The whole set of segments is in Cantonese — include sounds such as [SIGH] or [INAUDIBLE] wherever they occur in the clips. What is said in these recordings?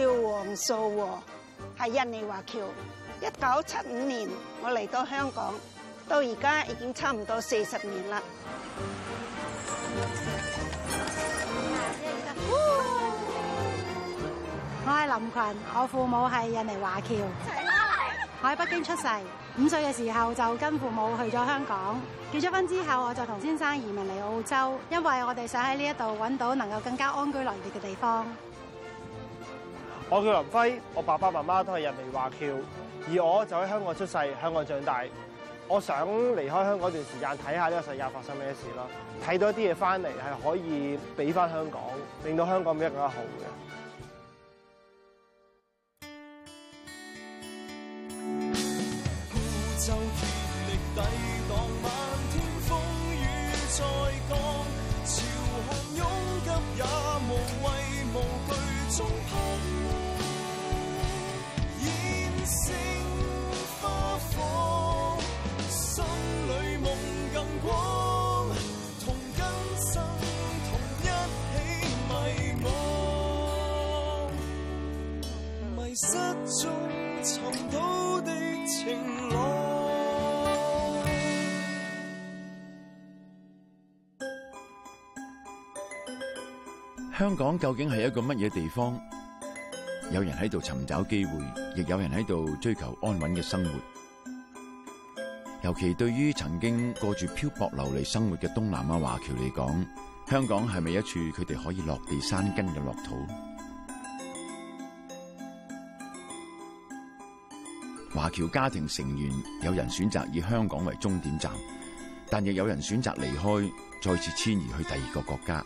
叫黃素和，係印尼華僑。一九七五年我嚟到香港，到而家已經差唔多四十年啦。我係林群，我父母係印尼華僑。我喺北京出世，五歲嘅時候就跟父母去咗香港。結咗婚之後，我就同先生移民嚟澳洲，因為我哋想喺呢一度搵到能夠更加安居樂業嘅地方。我叫林輝，我爸爸媽媽都係印尼華僑，而我就喺香港出世，香港長大。我想離開香港一段時間，睇下呢個世界發生咩事咯，睇到一啲嘢翻嚟係可以俾翻香港，令到香港變得更加好嘅。 [MUSIC] 中尋到的情，香港究竟係一個乜嘢地方？有人喺度尋找機會，亦有人喺度追求安穩嘅生活。尤其對於曾經過住漂泊流離生活嘅東南亞華僑嚟講，香港係咪一處佢哋可以落地生根嘅樂土？華僑家庭成員有人選擇以香港為終點站，但亦有人選擇離開，再次遷移去第二個國家。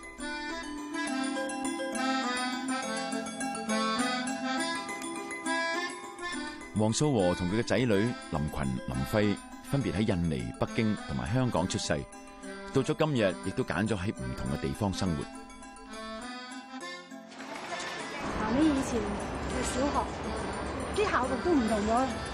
黃素和同佢嘅仔女林群、林輝分別喺印尼、北京同埋香港出世，到咗今日亦都揀咗喺唔同嘅地方生活。嗱，你以前嘅小學啲校服都唔同咗。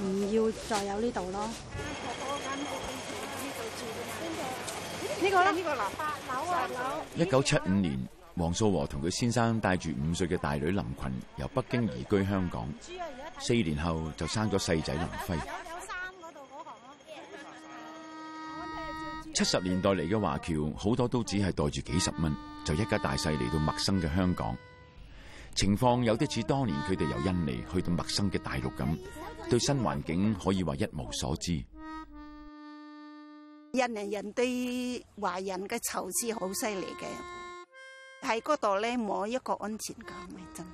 唔要再有呢度咯。呢個啦，一九七五年，黃素和同佢先生帶住五歲嘅大女林群由北京移居香港，四年後就生咗細仔林輝。七十年代嚟嘅華僑好多都只係袋住幾十蚊，就一家大細嚟到陌生嘅香港，情況有啲似當年佢哋由印尼去到陌生嘅大陸咁。對新環境可以話一無所知。印尼人對華人嘅仇視好犀利嘅，喺嗰度咧冇一個安全感，咪真，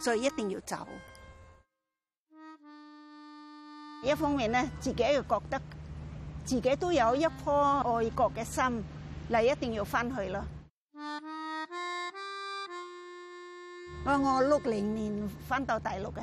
所以一定要走。一方面咧，自己又覺得自己都有一顆愛國嘅心，嚟，一定要翻去囉。我我六零年翻到大陸嘅。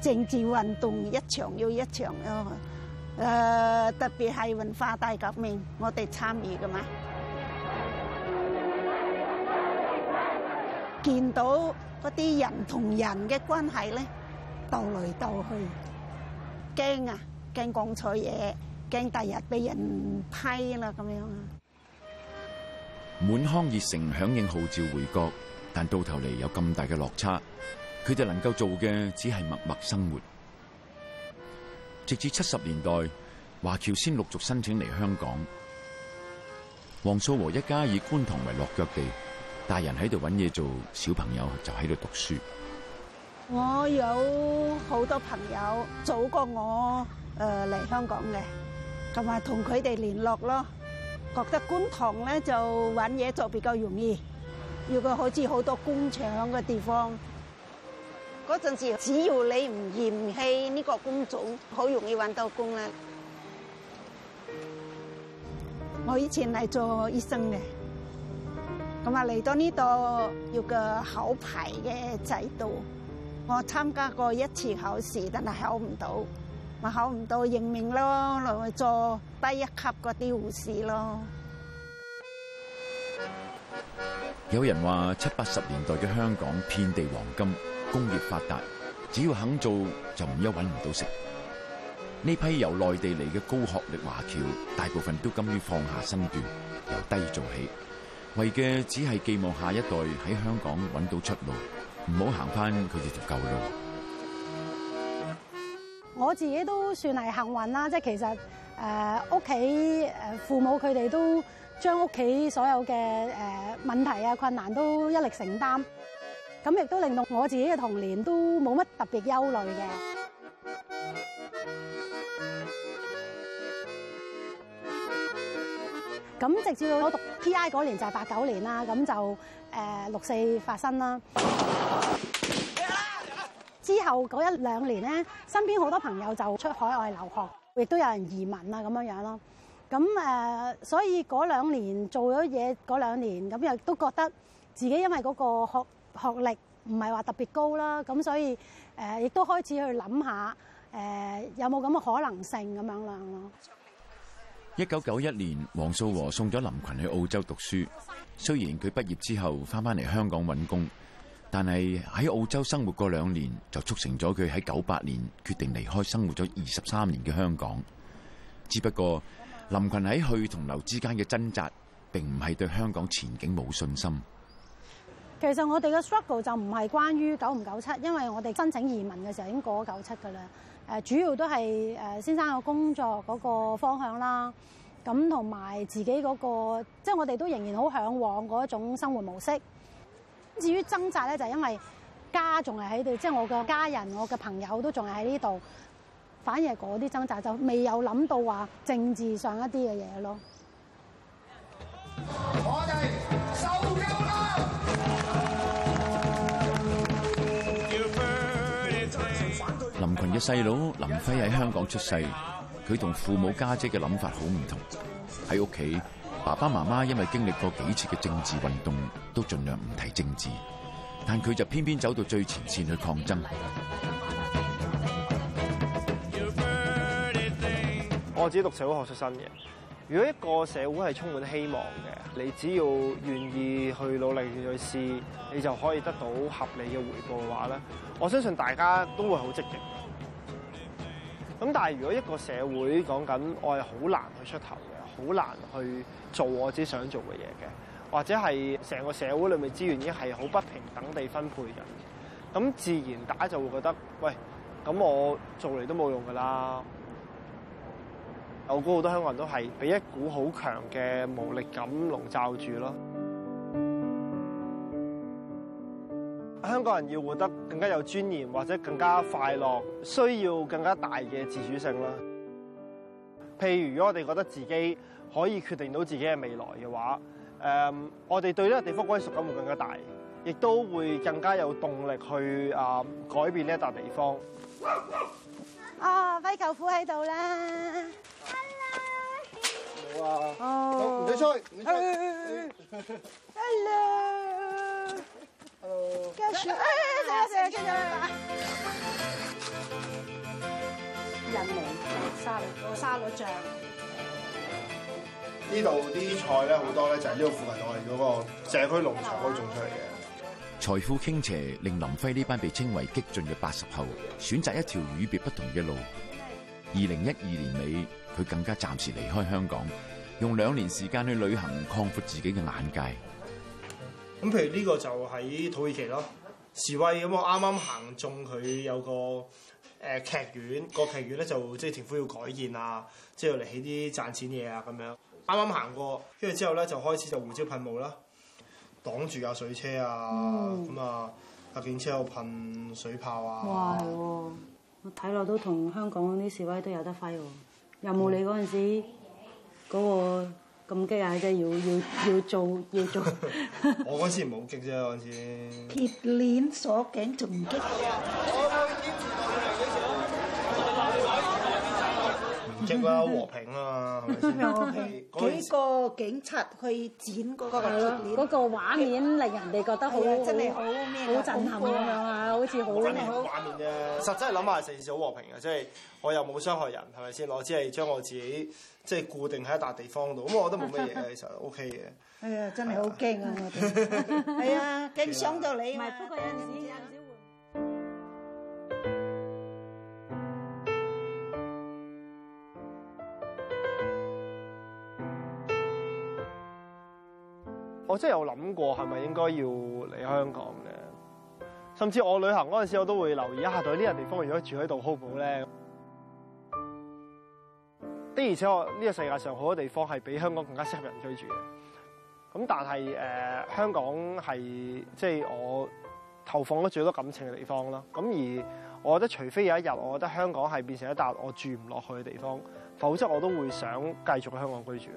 政治運動一場又一場哦，誒特別係文化大革命，我哋參與㗎嘛，見到嗰啲人同人嘅關係咧，鬥來鬥去，驚啊，驚講錯嘢，驚第日俾人批啦咁樣啊！滿腔熱誠響應號召回國，但到頭嚟有咁大嘅落差。佢哋能夠做嘅只係默默生活，直至七十年代華僑先陸續申請嚟香港。黃素和一家以觀塘為落腳地，大人喺度揾嘢做，小朋友就喺度讀書。我有好多朋友早過我誒嚟、呃、香港嘅，同埋同佢哋聯絡咯。覺得觀塘咧就揾嘢做比較容易，如果好似好多工廠嘅地方。嗰陣時，只要你唔嫌棄呢個工種，好容易搵到工啦。我以前係做醫生嘅，咁啊嚟到呢度要個考牌嘅制度，我參加過一次考試，但係考唔到，咪考唔到認命咯，嚟做低一級嗰啲護士咯。有人話七八十年代嘅香港遍地黃金。工業發達，只要肯做就唔憂搵唔到食。呢批由內地嚟嘅高學歷華僑，大部分都甘於放下身段，由低做起，為嘅只係寄望下一代喺香港搵到出路，唔好行翻佢哋條舊路。我自己都算係幸運啦，即係其實誒屋企誒父母佢哋都將屋企所有嘅誒問題啊困難都一力承擔。咁亦都令到我自己嘅童年都冇乜特別憂慮嘅。咁直至到我讀 P.I. 嗰年就係八九年啦，咁就誒六四發生啦。之後嗰一兩年咧，身邊好多朋友就出海外留學，亦都有人移民啊，咁樣樣咯。咁誒，所以嗰兩年做咗嘢嗰兩年，咁又都覺得自己因為嗰個學學歷唔係話特別高啦，咁所以誒亦都開始去諗下誒有冇咁嘅可能性咁樣啦。一九九一年，黃素和送咗林群去澳洲讀書。雖然佢畢業之後翻返嚟香港揾工，但係喺澳洲生活過兩年，就促成咗佢喺九八年決定離開生活咗二十三年嘅香港。只不過林群喺去同留之間嘅掙扎，並唔係對香港前景冇信心。其實我哋嘅 struggle 就唔係關於九唔九七，因為我哋申請移民嘅時候已經過咗九七噶啦。誒，主要都係誒先生嘅工作嗰個方向啦。咁同埋自己嗰個，即係我哋都仍然好向往嗰一種生活模式。至於掙扎咧，就因為家仲係喺度，即係我嘅家人、我嘅朋友都仲係喺呢度。反而係嗰啲掙扎就未有諗到話政治上一啲嘅嘢咯。我哋受夠啦！細佬林輝喺香港出世，佢同父母姐姐的想同家姐嘅諗法好唔同。喺屋企，爸爸媽媽因為經歷過幾次嘅政治運動，都盡量唔提政治。但佢就偏偏走到最前線去抗爭。我自己讀社會學出身嘅。如果一個社會係充滿希望嘅，你只要願意去努力去試，你就可以得到合理嘅回報嘅話咧，我相信大家都會好積極。咁但係如果一個社會講緊我係好難去出頭嘅，好難去做我自己想做嘅嘢嘅，或者係成個社會裏面資源已經係好不平等地分配嘅，咁自然大家就會覺得，喂，咁我做嚟都冇用㗎啦。我估好多香港人都係俾一股好強嘅無力感籠罩住咯。香港人要活得更加有尊嚴，或者更加快樂，需要更加大嘅自主性啦。譬如如果我哋覺得自己可以決定到自己嘅未來嘅話，誒，我哋對呢個地方歸屬感會更加大，亦都會更加有動力去啊改變呢一笪地方。啊、哦，輝舅父喺度啦！Hello。好啊。你好，oh. 唔使出去。Hey, hey, hey, hey. Hello。哎、人住，沙律，沙律醬。呢度啲菜咧，好多咧，就係呢度附近我哋嗰個社區農場可以種出嚟嘅。財富傾斜令林輝呢班被稱為激進嘅八十後，選擇一條與別不同嘅路。二零一二年尾，佢更加暫時離開香港，用兩年時間去旅行，擴闊自己嘅眼界。咁譬如呢個就喺土耳其咯，示威咁我啱啱行中佢有個誒、呃、劇院，個劇院咧就即係政府要改建啊，即係嚟起啲賺錢嘢啊咁樣。啱啱行過，跟住之後咧就開始就胡椒噴霧啦，擋住架、啊、水車啊，咁、嗯、啊，架警車又噴水炮啊。哇、哦，係我睇落都同香港啲示威都有得揮喎、啊，有冇你嗰陣時嗰、個？咁激啊！真係要要要做要做，要做 [LAUGHS] 我嗰時唔好激啫，嗰時。 [LAUGHS] 鐵鏈鎖頸仲唔激。 [MUSIC] [MUSIC] 正啊，和平啊，佢 [LAUGHS] 個警察去剪嗰、那個啊、個畫面令人哋覺得好、哎，真係好咩，好震撼咁、啊、樣啊，啊，啊，好似好咩畫面啫。啊、實際諗下，成件事好和平嘅，即、就、係、是、我又冇傷害人，係咪先？我只係將我自己即係、就是、固定喺一笪地方度，咁 [LAUGHS] 我都冇咩嘢，其實 OK 嘅。哎呀，真係好驚啊！我哋係啊，驚傷咗你咪不過有陣時。我真係有諗過係咪應該要嚟香港嘅，甚至我旅行嗰陣時我都會留意，一下對呢個地方如果住喺度好唔好咧？的而且確呢個世界上好多地方係比香港更加適合人居住嘅。咁但係誒香港係即係我投放得最多感情嘅地方啦。咁而我覺得除非有一日我覺得香港係變成一笪我住唔落去嘅地方，否則我都會想繼續喺香港居住。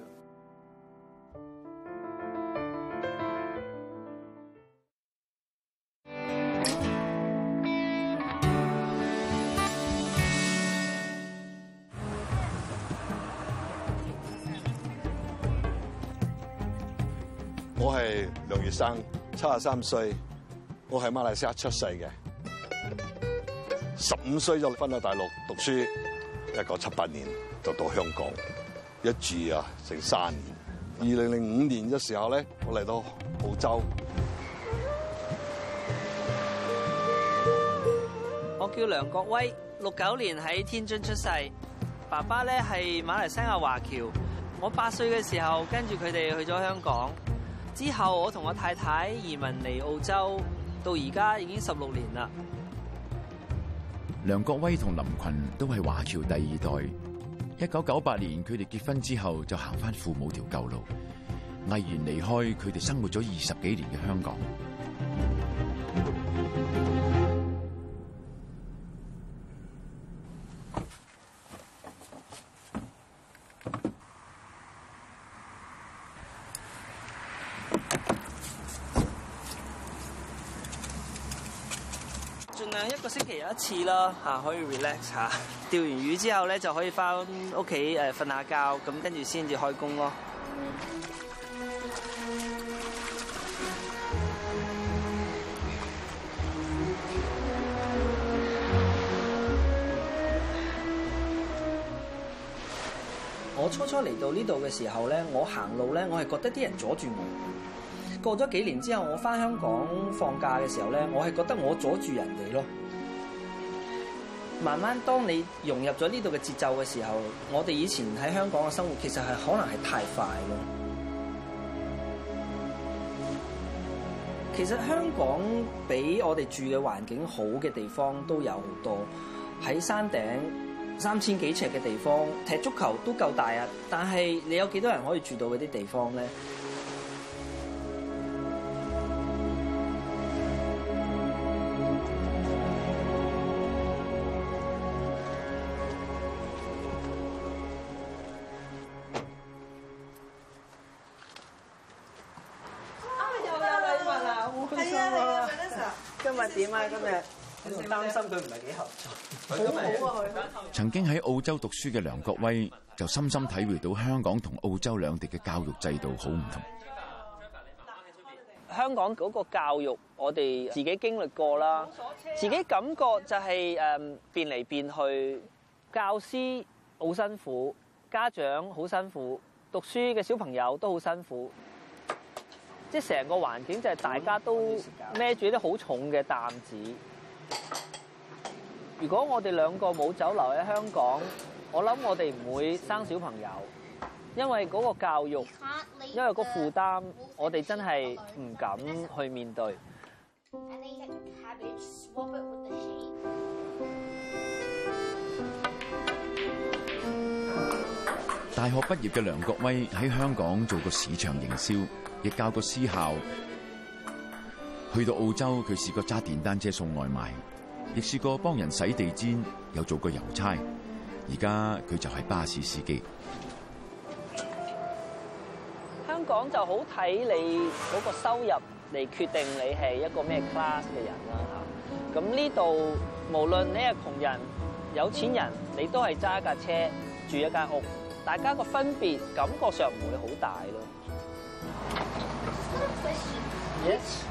我係梁月生，七十三歲，我喺馬來西亞出世嘅，十五歲就返到大陸讀書，一九七八年就到香港，一住啊成三年。二零零五年嘅時候咧，我嚟到澳洲。我叫梁國威，六九年喺天津出世，爸爸咧係馬來西亞華僑，我八歲嘅時候跟住佢哋去咗香港。之後我同我太太移民嚟澳洲，到而家已經十六年啦。梁國威同林群都係華僑第二代。一九九八年佢哋結婚之後，就行翻父母條舊路，毅然離開佢哋生活咗二十幾年嘅香港。次啦，吓可以 relax 下。釣完魚之後咧就可以翻屋企誒瞓下覺，咁跟住先至開工咯。我初初嚟到呢度嘅時候咧，我行路咧，我係覺得啲人阻住我。過咗幾年之後，我翻香港放假嘅時候咧，我係覺得我阻住人哋咯。慢慢，當你融入咗呢度嘅節奏嘅時候，我哋以前喺香港嘅生活其實係可能係太快咯。其實香港比我哋住嘅環境好嘅地方都有好多，喺山頂三千幾尺嘅地方踢足球都夠大啊！但係你有幾多人可以住到嗰啲地方咧？唔係幾合。曾經喺澳洲讀書嘅梁國威就深深體會到香港同澳洲兩地嘅教育制度好唔同。香港嗰個教育，我哋自己經歷過啦，自己感覺就係誒變嚟變去，教師好辛苦，家長好辛苦，讀書嘅小朋友都好辛苦，即係成個環境就係大家都孭住啲好重嘅擔子。如果我哋兩個冇走留喺香港，我諗我哋唔會生小朋友，因為嗰個教育，因為個負擔，我哋真係唔敢去面對。大學畢業嘅梁國威喺香港做過市場營銷，亦教過私校。去到澳洲，佢試過揸電單車送外賣。亦試過幫人洗地氈，又做過郵差，而家佢就係巴士司機。香港就好睇你嗰個收入嚟決定你係一個咩 class 嘅人啦吓。咁呢度無論你係窮人、有錢人，你都係揸架車住一間屋，大家個分別感覺上唔會好大咯。Yes。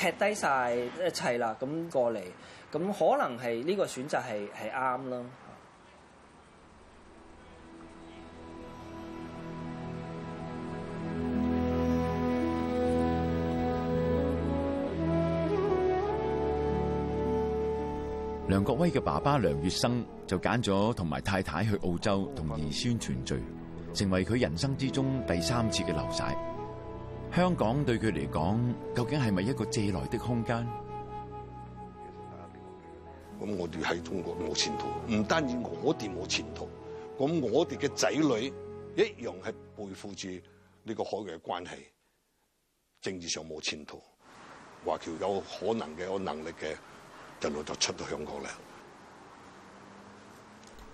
撇低晒一切啦，咁過嚟，咁可能係呢個選擇係係啱咯。的梁國威嘅爸爸梁月生就揀咗同埋太太去澳洲同兒孫團聚，成為佢人生之中第三次嘅流徙。香港對佢嚟講，究竟係咪一個借來的空間？咁我哋喺中國冇前途，唔單止我哋冇前途，咁我哋嘅仔女一樣係背負住呢個海外關係，政治上冇前途。華僑有可能嘅、有能力嘅，一路就出到香港啦。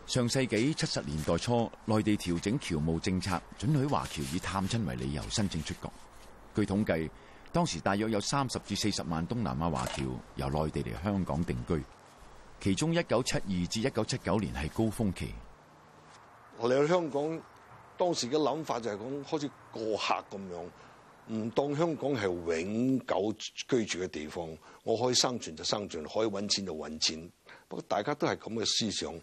上世紀七十年代初，內地調整僑務政策，准許華僑以探親為理由申請出國。據統計，當時大約有三十至四十萬東南亞華僑由內地嚟香港定居，其中一九七二至一九七九年係高峰期。我嚟到香港，當時嘅諗法就係、是、講，好似過客咁樣，唔當香港係永久居住嘅地方。我可以生存就生存，可以揾錢就揾錢。不過大家都係咁嘅思想，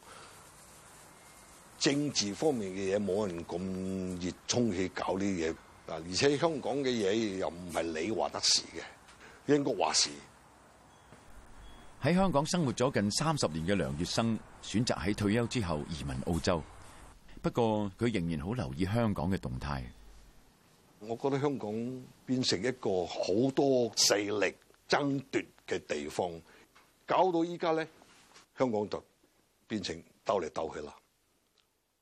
政治方面嘅嘢冇人咁熱衷去搞呢啲嘢。嗱，而且香港嘅嘢又唔係你話得事嘅，應該話事。喺香港生活咗近三十年嘅梁月生，選擇喺退休之後移民澳洲。不過佢仍然好留意香港嘅動態。我覺得香港變成一個好多勢力爭奪嘅地方，搞到依家咧，香港就變成鬥嚟鬥去啦。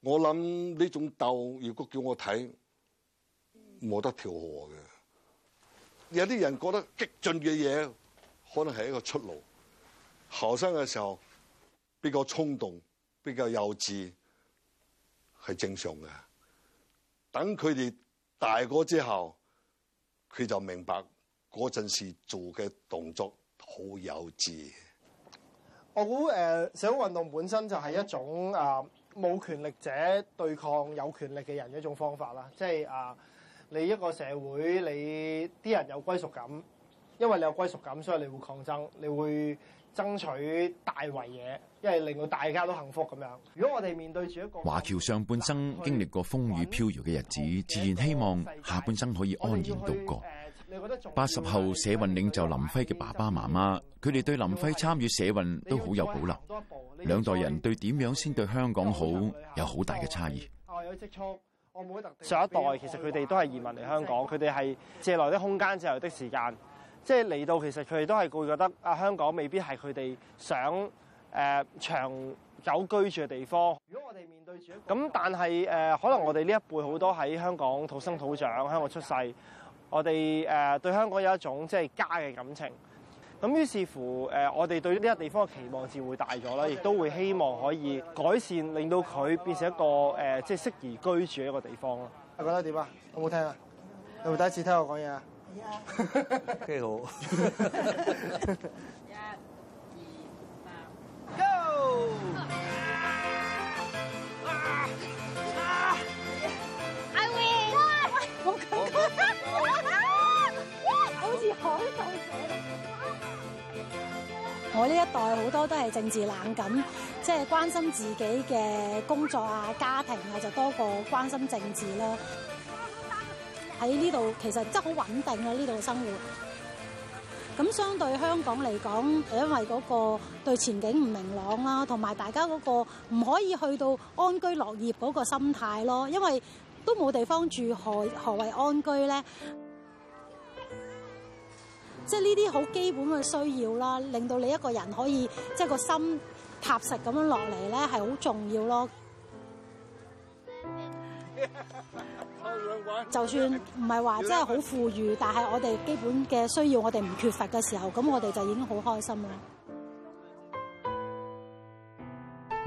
我諗呢種鬥，如果叫我睇，冇得調和嘅，有啲人覺得激進嘅嘢可能係一個出路。後生嘅時候比較衝動，比較幼稚，係正常嘅。等佢哋大個之後，佢就明白嗰陣時做嘅動作好幼稚。我估誒社會運動本身就係一種啊冇、呃、權力者對抗有權力嘅人嘅一種方法啦，即係啊。呃你一個社會，你啲人有歸屬感，因為你有歸屬感，所以你會抗爭，你會爭取大圍嘢，因為令到大家都幸福咁樣。如果我哋面對住一個華僑上半生經歷過風雨飄搖嘅日子，自然希望下半生可以安然度過。八十後社運領袖林輝嘅爸爸媽媽，佢哋對林輝參與社運都好有保留。兩代人對點樣先對香港好，有好大嘅差異。上一代其實佢哋都係移民嚟香港，佢哋係借來啲空間，借來啲時間，即係嚟到其實佢哋都係會覺得啊，香港未必係佢哋想誒、呃、長久居住嘅地方。如果我哋面對住咁，但係、呃、可能我哋呢一輩好多喺香港土生土長，香港出世，我哋誒、呃、對香港有一種即係家嘅感情。咁於是乎，誒、呃、我哋對呢一地方嘅期望自然會大咗啦，亦都會希望可以改善，令到佢變成一個誒、呃、即係適宜居住嘅一個地方咯。你覺得點啊？好唔好聽啊？有冇第一次聽我講嘢啊？係啊。幾好。我呢一代好多都係政治冷感，即係關心自己嘅工作啊、家庭啊，就多過關心政治啦。喺呢度其實真係好穩定啊，呢度生活。咁相對香港嚟講，因為嗰個對前景唔明朗啦，同埋大家嗰個唔可以去到安居樂業嗰個心態咯，因為都冇地方住何，何何為安居咧？即係呢啲好基本嘅需要啦，令到你一個人可以即係個心踏實咁樣落嚟咧，係好重要咯。 [LAUGHS] 就算唔係話真係好富裕，但係我哋基本嘅需要，我哋唔缺乏嘅時候，咁我哋就已經好開心啦。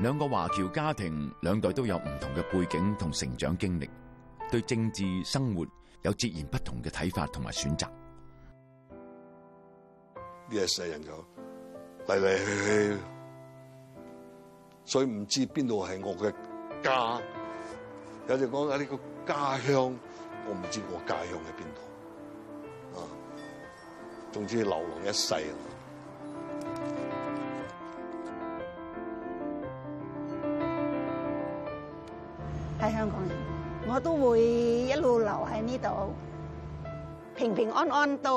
兩個華僑家庭，兩代都有唔同嘅背景同成長經歷，對政治生活有截然不同嘅睇法同埋選擇。呢世人就嚟嚟去去，所以唔知邊度係我嘅家。有啲講話，呢、這個家鄉我唔知我的家鄉喺邊度啊，總之流浪一世啊。係香港人，我都會一路留喺呢度，平平安安到。